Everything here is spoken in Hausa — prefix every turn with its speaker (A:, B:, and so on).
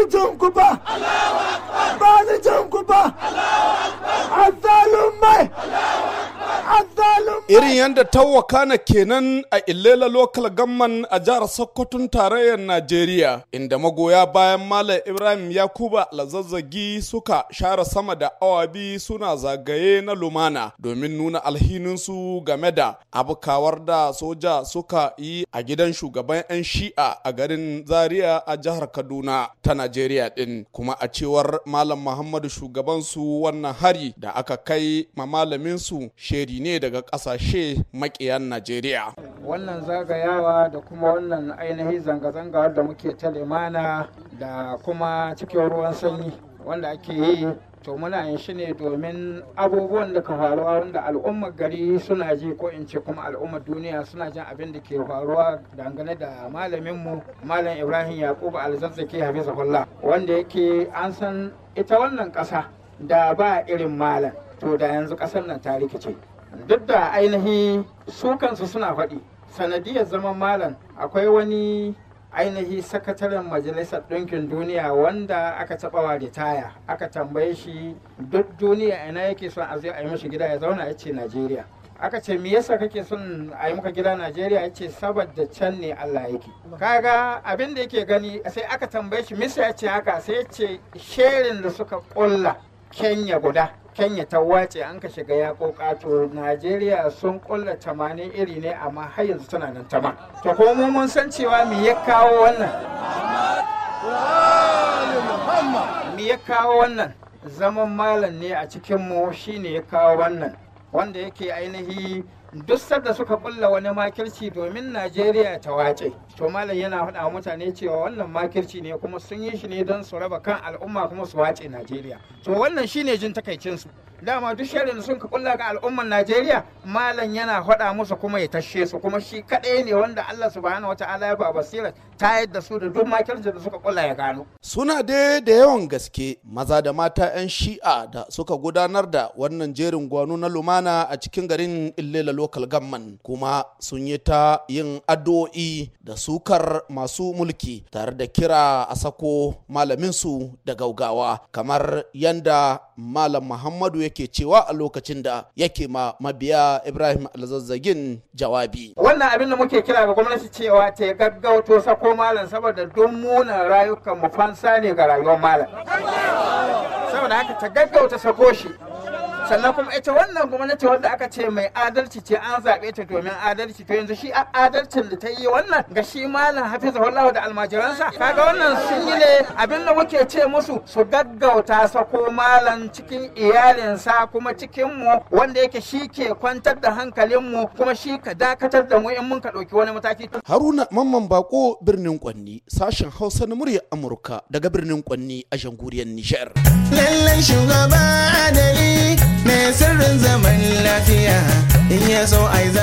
A: Father John Cooper. Allah Father irin yadda tawakana kenan a illela local gamman a jihar sokoton tarayyar najeriya inda magoya bayan malam ibrahim yakuba lazazzagi suka share sama da awa awabi suna zagaye na lumana domin nuna alhininsu game da abukawar da soja suka yi a gidan shugaban 'yan shi'a a garin zaria a jihar kaduna ta najeriya din kuma a cewar malam muhammadu shugabansu wannan hari da aka kai ma malaminsu sheri ne daga ƙasashe kashe makiyan najeriya
B: wannan zagayawa da kuma wannan ainihin zanga-zanga da muke ta limana da kuma cikin ruwan sanyi wanda ake yi to muna yin shi ne domin abubuwan da ka faruwa wanda al'ummar gari suna ji ko in ce kuma al'ummar duniya suna jin abin da ke faruwa dangane da malaminmu malam ibrahim yakubu alzazzaki hafizahullah wanda yake an san ita wannan ƙasa da ba irin malam to da yanzu ƙasar nan ta rikice duk da ainihi su suna faɗi sanadiyar zaman malam akwai wani ainihi sakataren majalisar ɗinkin duniya wanda aka taɓa wa ritaya aka tambaye shi duk duniya ina yake son a zai yi gida ya zauna ya ce najeriya aka ce me yasa kake son a yi muka gida najeriya ya ce saboda can ne allah yake kaga abin da yake gani sai aka tambaye shi misa ya ce haka sai ya ce sherin da suka ƙulla kenya guda kenya ta wace an ka shiga ya kokato najeriya sun kulla tamanin iri ne amma har yanzu tana nan tama to ko mun san cewa me ya kawo wannan me ya kawo wannan zaman malam ne a cikin mu shine ya kawo wannan wanda yake ainihi duk sadda suka bulla wani makirci domin najeriya ta wace to malam yana faɗa mutane cewa wannan makirci ne kuma sun yi shi ne don su raba kan al'umma kuma su wace najeriya to wannan shine jin takaicinsu dama duk shirin sun ka kula ga al'ummar Najeriya malam yana faɗa musu kuma ya tashe su kuma shi kaɗai ne wanda Allah subhanahu wata'ala ya ba basira ta yadda su da duk makirjin da suka kulla ya gano
A: suna dai da yawan gaske maza da mata 'yan shi'a da suka gudanar da wannan jerin gwano na lumana a cikin garin illela local gamman kuma sun yi ta yin addu'o'i da sukar masu mulki tare da kira a sako malaminsu da gaugawa kamar yanda malam muhammadu ya yake cewa a lokacin da yake ma mabiya Ibrahim Alzazzagin jawabi.
B: Wannan abin da muke kira ga gwamnati cewa ta gaggauto sako malam saboda don muna rayukan mu fansa ne ga rayuwar malam. Saboda haka ta gaggauta sako shi sannan kuma ita wannan gwamnati wanda aka ce mai adalci ce an zaɓe ta domin adalci to yanzu shi adalcin da ta yi wannan ga shi malam hafiza wallahu da almajiransa kaga wannan sun yi ne abin da muke ce musu su gaggauta sako malam cikin iyalinsa kuma cikin mu wanda yake shi ke kwantar da hankalin mu kuma shi ka dakatar da mu in mun ka ɗauki wani mataki. Haruna
A: Mamman Bako birnin Kwanni sashen Hausa na murya Amurka daga birnin Kwanni a jamhuriyar Nijar.
B: Lallan shugaba adali ne sirrin zaman lafiya in ya so ai